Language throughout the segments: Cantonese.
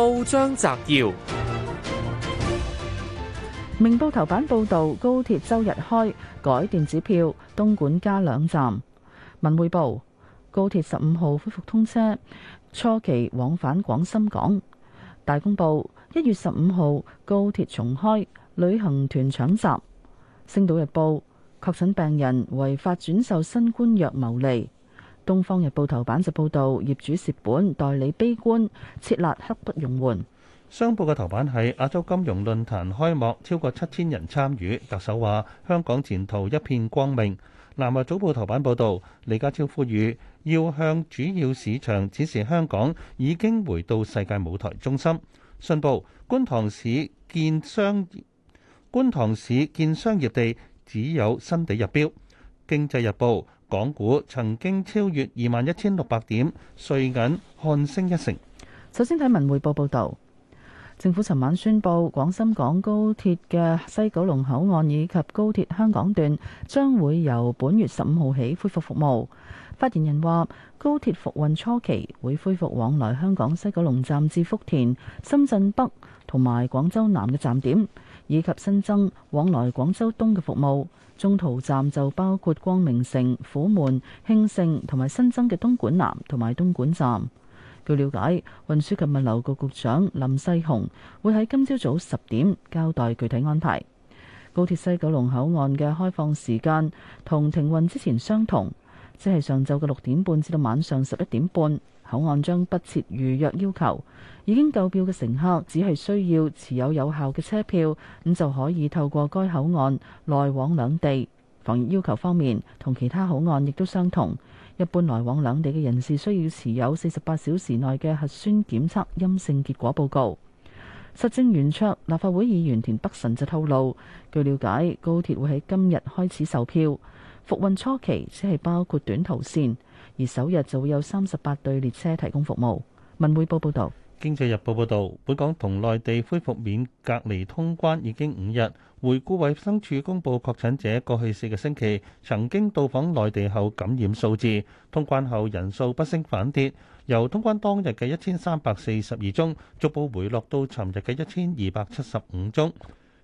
報章摘要：明報頭版報道，高鐵周日開改電子票，東莞加兩站。文匯報高鐵十五號恢復通車，初期往返廣深港。大公報一月十五號高鐵重開，旅行團搶閘。星島日報確診病人違法轉售新冠藥牟利。《東方日報》頭版就報導，業主蝕本，代理悲觀，撤辣刻不容緩。商報嘅頭版喺亞洲金融論壇開幕，超過七千人參與。特首話：香港前途一片光明。《南華早報》頭版報導，李家超呼籲要向主要市場展示香港已經回到世界舞台中心。信報：觀塘市建商，觀塘市建商業地只有新地入標。《經濟日報》。港股曾經超越二萬一千六百點，瑞銀看升一成。首先睇文匯報報導，政府尋晚宣佈廣深港高鐵嘅西九龍口岸以及高鐵香港段將會由本月十五號起恢復服務。發言人話，高鐵復運初期會恢復往來香港西九龍站至福田、深圳北同埋廣州南嘅站點。以及新增往來廣州東嘅服務，中途站就包括光明城、虎門、慶盛同埋新增嘅東莞南同埋東莞站。據了解，運輸及物流局局長林世雄會喺今朝早十點交代具體安排。高鐵西九龍口岸嘅開放時間同停運之前相同。即係上晝嘅六點半至到晚上十一點半，口岸將不設預約要求。已經購票嘅乘客只係需要持有有效嘅車票，咁就可以透過該口岸來往兩地。防疫要求方面，同其他口岸亦都相同。一般來往兩地嘅人士需要持有四十八小時內嘅核酸檢測陰性結果報告。實政圓桌立法會議員田北辰就透露，據了解，高鐵會喺今日開始售票。復運初期只係包括短途線，而首日就會有三十八對列車提供服務。文匯報報道，《經濟日報》報道，本港同內地恢復免隔離通關已經五日。回顧衞生署公布確診者過去四個星期曾經到訪內地後感染數字，通關後人數不升反跌，由通關當日嘅一千三百四十二宗，逐步回落到尋日嘅一千二百七十五宗。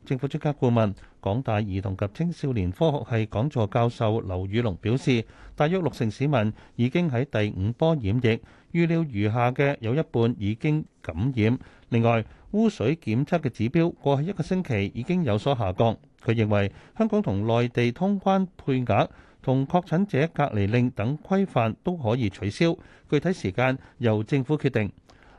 政府專家顧問、港大兒童及青少年科學系講座教授劉宇龍表示，大約六成市民已經喺第五波染疫，預料餘下嘅有一半已經感染。另外，污水檢測嘅指標過去一個星期已經有所下降。佢認為香港同內地通關配額同確診者隔離令等規範都可以取消，具體時間由政府決定。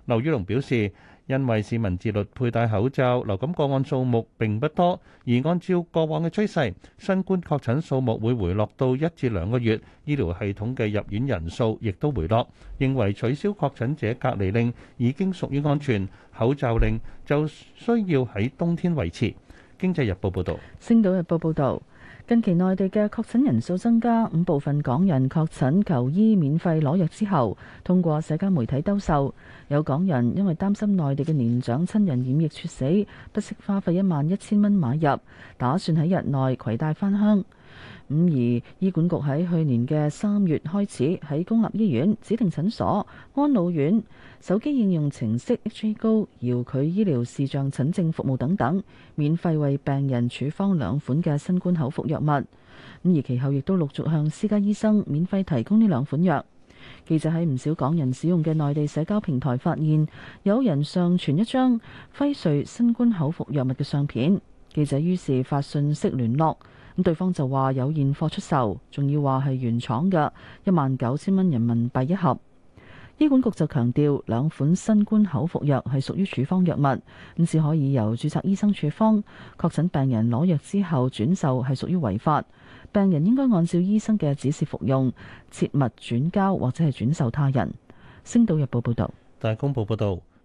劉宇龍表示。因為市民自律佩戴口罩，流感個案數目並不多，而按照過往嘅趨勢，新冠確診數目會回落到一至兩個月，醫療系統嘅入院人數亦都回落。認為取消確診者隔離令已經屬於安全，口罩令就需要喺冬天維持。經濟日報報導，星島日報報道。近期內地嘅確診人數增加，五部分港人確診求醫免費攞藥之後，通過社交媒體兜售，有港人因為擔心內地嘅年長親人染疫猝死，不惜花費一萬一千蚊買入，打算喺日內攜帶返鄉。咁而醫管局喺去年嘅三月開始喺公立醫院指定診所、安老院、手機應用程式 HA Go、遙距醫療視像診症服務等等，免費為病人處方兩款嘅新冠口服藥物。咁而其後亦都陸續向私家醫生免費提供呢兩款藥。記者喺唔少港人使用嘅內地社交平台發現，有人上傳一張輝瑞新冠口服藥物嘅相片。記者於是發訊息聯絡。咁對方就話有現貨出售，仲要話係原廠嘅，一萬九千蚊人民幣一盒。醫管局就強調，兩款新冠口服藥係屬於處方藥物，咁至可以由註冊醫生處方。確診病人攞藥之後轉售係屬於違法，病人應該按照醫生嘅指示服用，切勿轉交或者係轉售他人。星島日報報道。大公報報導。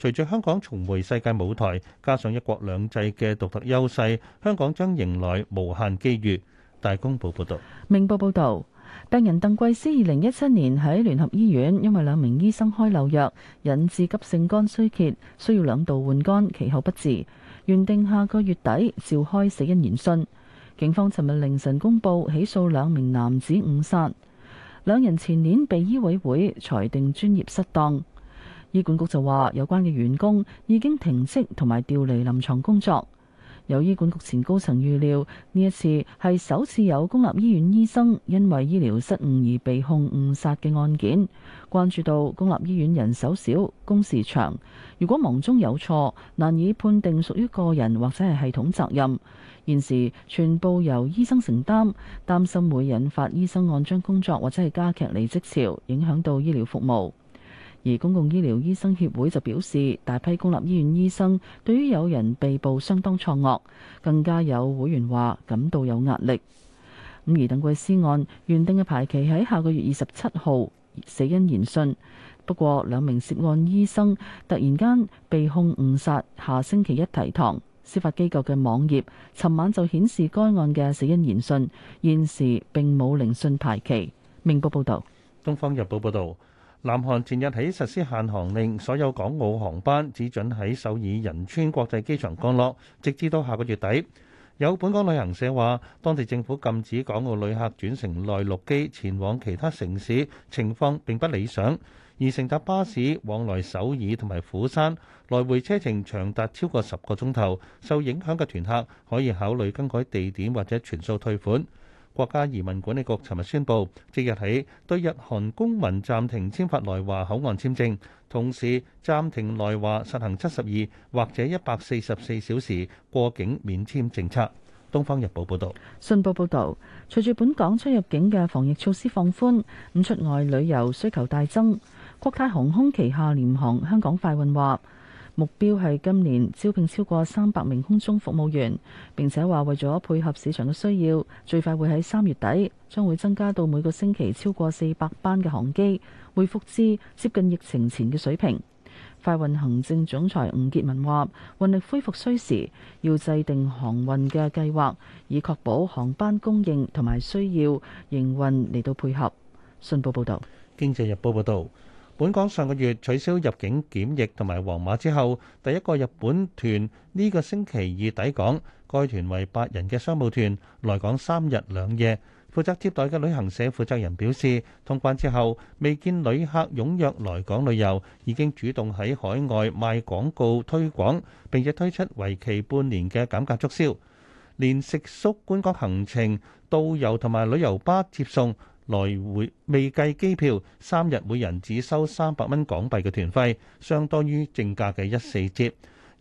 隨著香港重回世界舞台，加上一國兩制嘅獨特優勢，香港將迎來無限機遇。大公報報道：「明報報道，病人鄧桂思二零一七年喺聯合醫院因為兩名醫生開漏藥，引致急性肝衰竭，需要兩度換肝，其後不治。原定下個月底召開死因研訊，警方尋日凌晨公佈起訴兩名男子誤殺，兩人前年被醫委會裁定專業失當。醫管局就話，有關嘅員工已經停職同埋調離臨床工作。有醫管局前高層預料，呢一次係首次有公立醫院醫生因為醫療失誤而被控誤殺嘅案件。關注到公立醫院人手少、工時長，如果忙中有錯，難以判定屬於個人或者係系統責任。現時全部由醫生承擔，擔心會引發醫生按章工作或者係加劇離職潮，影響到醫療服務。而公共醫療醫生協會就表示，大批公立醫院醫生對於有人被捕相當錯愕，更加有會員話感到有壓力。咁而鄧貴斯鄧桂斯案原定嘅排期喺下個月二十七號死因研訊，不過兩名涉案醫生突然間被控誤殺，下星期一提堂。司法機構嘅網頁尋晚就顯示該案嘅死因研訊現時並冇聆訊排期。明報報道。《東方日報》報導。南韓前日起實施限航令，所有港澳航班只准喺首爾仁川國際機場降落，直至到下個月底。有本港旅行社話，當地政府禁止港澳旅客轉乘內陸機前往其他城市，情況並不理想。而乘搭巴士往來首爾同埋釜山，來回車程長達超過十個鐘頭，受影響嘅團客可以考慮更改地點或者全數退款。國家移民管理局尋日宣布，即日起對日韓公民暫停簽發來華口岸簽證，同時暫停來華實行七十二或者一百四十四小時過境免簽政策。《東方日報》報道。信報報道，隨住本港出入境嘅防疫措施放寬，咁出外旅遊需求大增，國泰航空旗下廉航香港快運話。目標係今年招聘超過三百名空中服務員，並且話為咗配合市場嘅需要，最快會喺三月底將會增加到每個星期超過四百班嘅航機，回復至接近疫情前嘅水平。快運行政總裁吳傑文話：運力恢復需時，要制定航運嘅計劃，以確保航班供應同埋需要營運嚟到配合。信報報道。經濟日報報道。本港上個月取消入境檢疫同埋黃碼之後，第一個日本團呢個星期二抵港。該團為八人嘅商務團，來港三日兩夜。負責接待嘅旅行社負責人表示，通關之後未見旅客踴躍來港旅遊，已經主動喺海外賣廣告推廣，並且推出為期半年嘅減價促銷，連食宿、觀光、行程、導遊同埋旅遊巴接送。來回未計機票，三日每人只收三百蚊港幣嘅團費，相當於正價嘅一四折。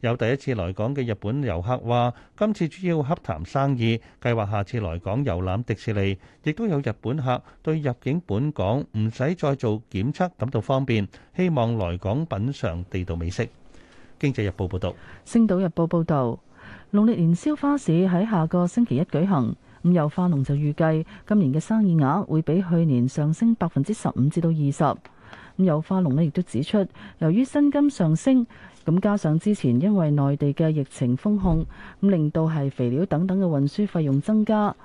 有第一次來港嘅日本遊客話：今次主要洽談生意，計劃下次來港遊覽迪士尼。亦都有日本客對入境本港唔使再做檢測感到方便，希望來港品嘗地道美食。《經濟日報》報道，《星島日報》報道，農曆年宵花市喺下個星期一舉行。咁有花農就預計今年嘅生意額會比去年上升百分之十五至到二十。咁有花農咧亦都指出，由於薪金上升，咁加上之前因為內地嘅疫情封控，咁令到係肥料等等嘅運輸費用增加，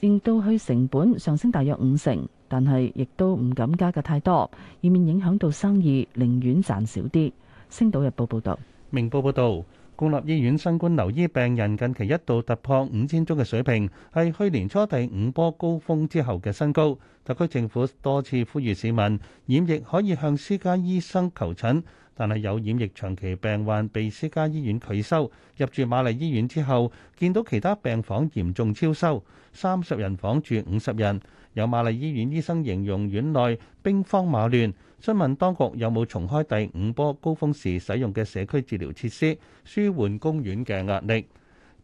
令到佢成本上升大約五成。但係亦都唔敢加價太多，以免影響到生意，寧願賺少啲。星島日報報道。明報報導。公立醫院新冠留醫病人近期一度突破五千宗嘅水平，係去年初第五波高峰之後嘅新高。特區政府多次呼籲市民，染疫可以向私家醫生求診。但係有染疫長期病患被私家醫院拒收，入住瑪麗醫院之後，見到其他病房嚴重超收，三十人房住五十人。有瑪麗醫院醫生形容院內兵荒馬亂，詢問當局有冇重開第五波高峰時使用嘅社區治療設施，舒緩公院嘅壓力。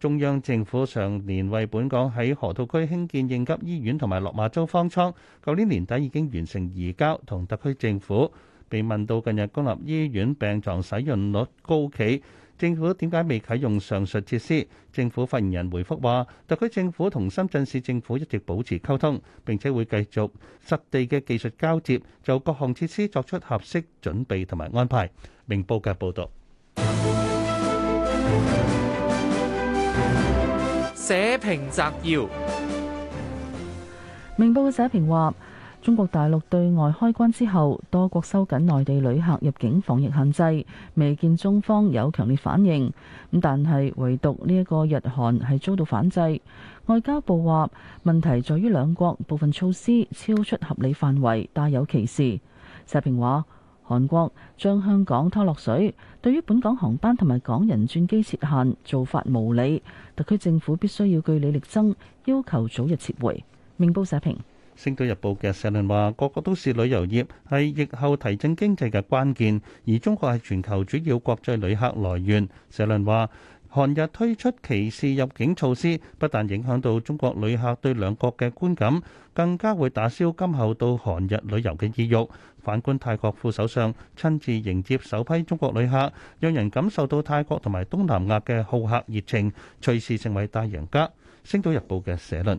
中央政府上年為本港喺河套區興建應急醫院同埋落馬洲方艙，舊年年底已經完成移交同特區政府。被問到近日公立醫院病牀使用率高企，政府點解未啟用上述設施？政府發言人回覆話：特區政府同深圳市政府一直保持溝通，並且會繼續實地嘅技術交接，就各項設施作出合適準備同埋安排。明報嘅報道，社評摘要。明報嘅社評話。中國大陸對外開關之後，多國收緊內地旅客入境防疫限制，未見中方有強烈反應。咁但係唯獨呢一個日韓係遭到反制。外交部話問題在於兩國部分措施超出合理範圍，帶有歧視。社評話韓國將香港拖落水，對於本港航班同埋港人轉機設限做法無理，特區政府必須要據理力爭，要求早日撤回。明報社評。《星島日報》嘅社論話，各國都視旅遊業係疫後提振經濟嘅關鍵，而中國係全球主要國際旅客來源。社論話，韓日推出歧視入境措施，不但影響到中國旅客對兩國嘅觀感，更加會打消今後到韓日旅遊嘅意欲。反觀泰國副首相親自迎接首批中國旅客，讓人感受到泰國同埋東南亞嘅好客熱情，隨時成為大贏家。《星島日報》嘅社論。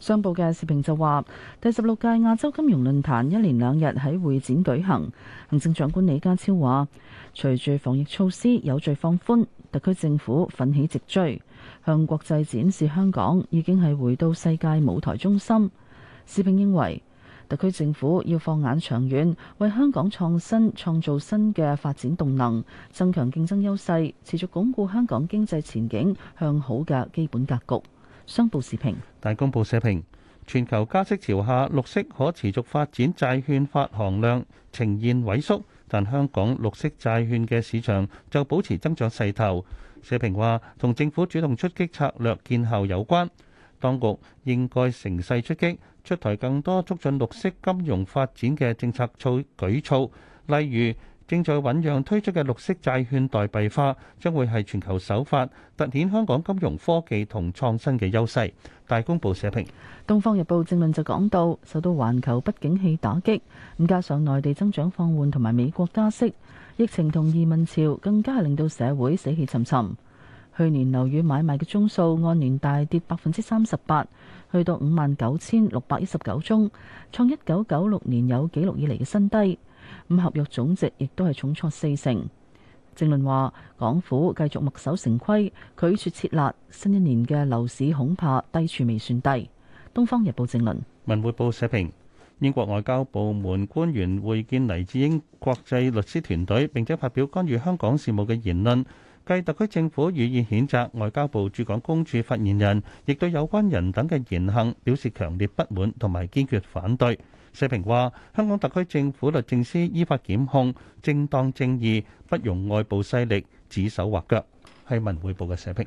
商報嘅視頻就話，第十六屆亞洲金融論壇一連兩日喺會展舉行。行政長官李家超話，隨住防疫措施有序放寬，特區政府奮起直追，向國際展示香港已經係回到世界舞台中心。視頻認為，特區政府要放眼長遠，為香港創新創造新嘅發展動能，增強競爭優勢，持續鞏固香港經濟前景向好嘅基本格局。商報視頻。大公報社評，全球加息潮下，綠色可持續發展債券發行量呈現萎縮，但香港綠色債券嘅市場就保持增長勢頭。社評話，同政府主動出擊策略見效有關，當局應該乘勢出擊，出台更多促進綠色金融發展嘅政策措舉措，例如，正在醖釀推出嘅綠色債券代幣化，將會係全球首發，凸顯香港金融科技同創新嘅優勢。大公報社評，《東方日報》正論就講到，受到環球不景氣打擊，咁加上內地增長放緩同埋美國加息，疫情同移民潮更加係令到社會死氣沉沉。去年樓宇買賣嘅宗數按年大跌百分之三十八，去到五萬九千六百一十九宗，創一九九六年有記錄以嚟嘅新低。五合約總值亦都係重挫四成。正論話，港府繼續墨守成規，拒絕設立新一年嘅樓市，恐怕低處未算低。《東方日報》正論，《文匯報》社評：英國外交部門官員會見黎智英國際律師團隊，並且發表關於香港事務嘅言論，繼特區政府予以譴責。外交部駐港公署發言人亦對有關人等嘅言行表示強烈不滿同埋堅決反對。社評話：香港特區政府律政司依法檢控，正當正義，不容外部勢力指手畫腳。係《文匯報》嘅社評。